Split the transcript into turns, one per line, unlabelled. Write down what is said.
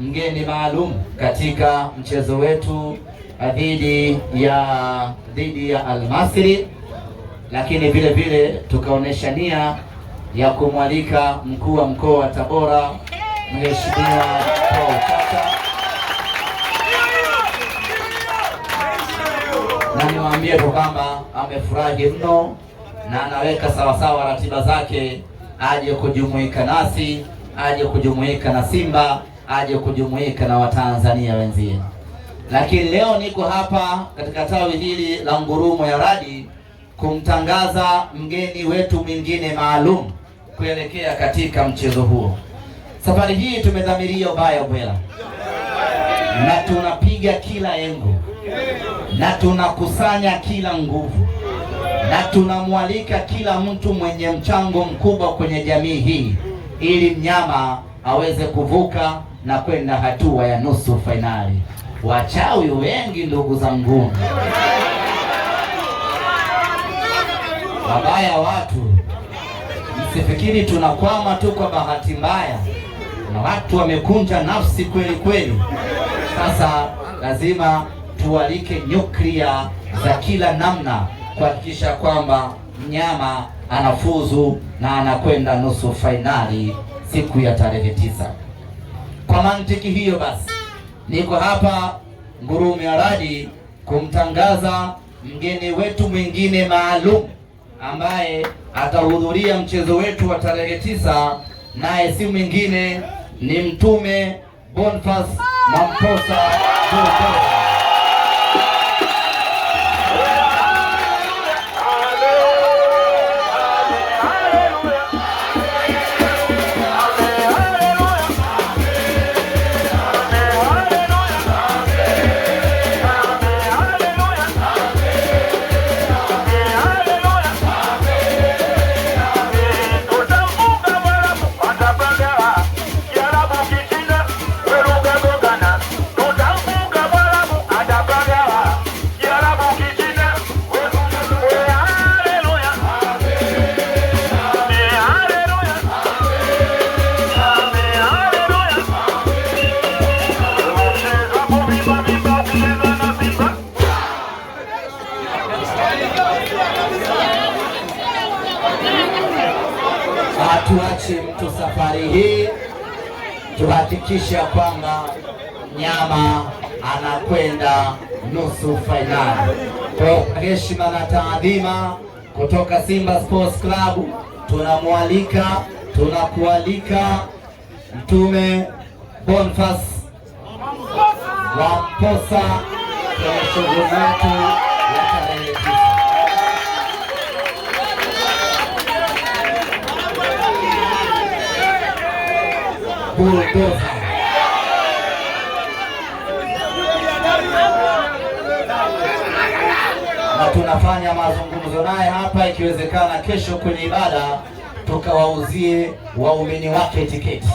mgeni maalum katika mchezo wetu eh, dhidi ya dhidi ya Almasri, lakini vile vile tukaonesha nia ya kumwalika mkuu wa mkoa wa Tabora Mheshimiwa Paul na niwaambie tu kwamba amefurahi mno na anaweka sawasawa ratiba zake aje kujumuika nasi, aje kujumuika na Simba aje kujumuika na Watanzania wenzie. Lakini leo niko hapa katika tawi hili la Ngurumo ya Radi kumtangaza mgeni wetu mwingine maalum kuelekea katika mchezo huo. Safari hii tumedhamiria ubaya bwela, na tunapiga kila engo, na tunakusanya kila nguvu, na tunamwalika kila mtu mwenye mchango mkubwa kwenye jamii hii, ili mnyama aweze kuvuka na kwenda hatua ya nusu fainali. Wachawi wengi ndugu zangu, wabaya watu, msifikiri tunakwama tu kwa bahati mbaya, na watu wamekunja nafsi kweli kweli. Sasa lazima tualike nyuklia za kila namna kuhakikisha kwamba mnyama anafuzu na anakwenda nusu fainali siku ya tarehe tisa. Kwa mantiki hiyo basi, niko hapa Ngurume Aradi kumtangaza mgeni wetu mwingine maalum ambaye atahudhuria mchezo wetu wa tarehe tisa, naye si mwingine ni Mtume Bonfas Mwamposa. Hatuache mtu safari hii, tuhakikishe kwamba nyama anakwenda nusu fainali. Kwa heshima na taadhima, kutoka Simba Sports Club tunamwalika, tunakualika Mtume Bonfas Posa kwa shughuli zetu. Na tunafanya mazungumzo naye hapa, ikiwezekana kesho kwenye ibada tukawauzie waumini wake tiketi.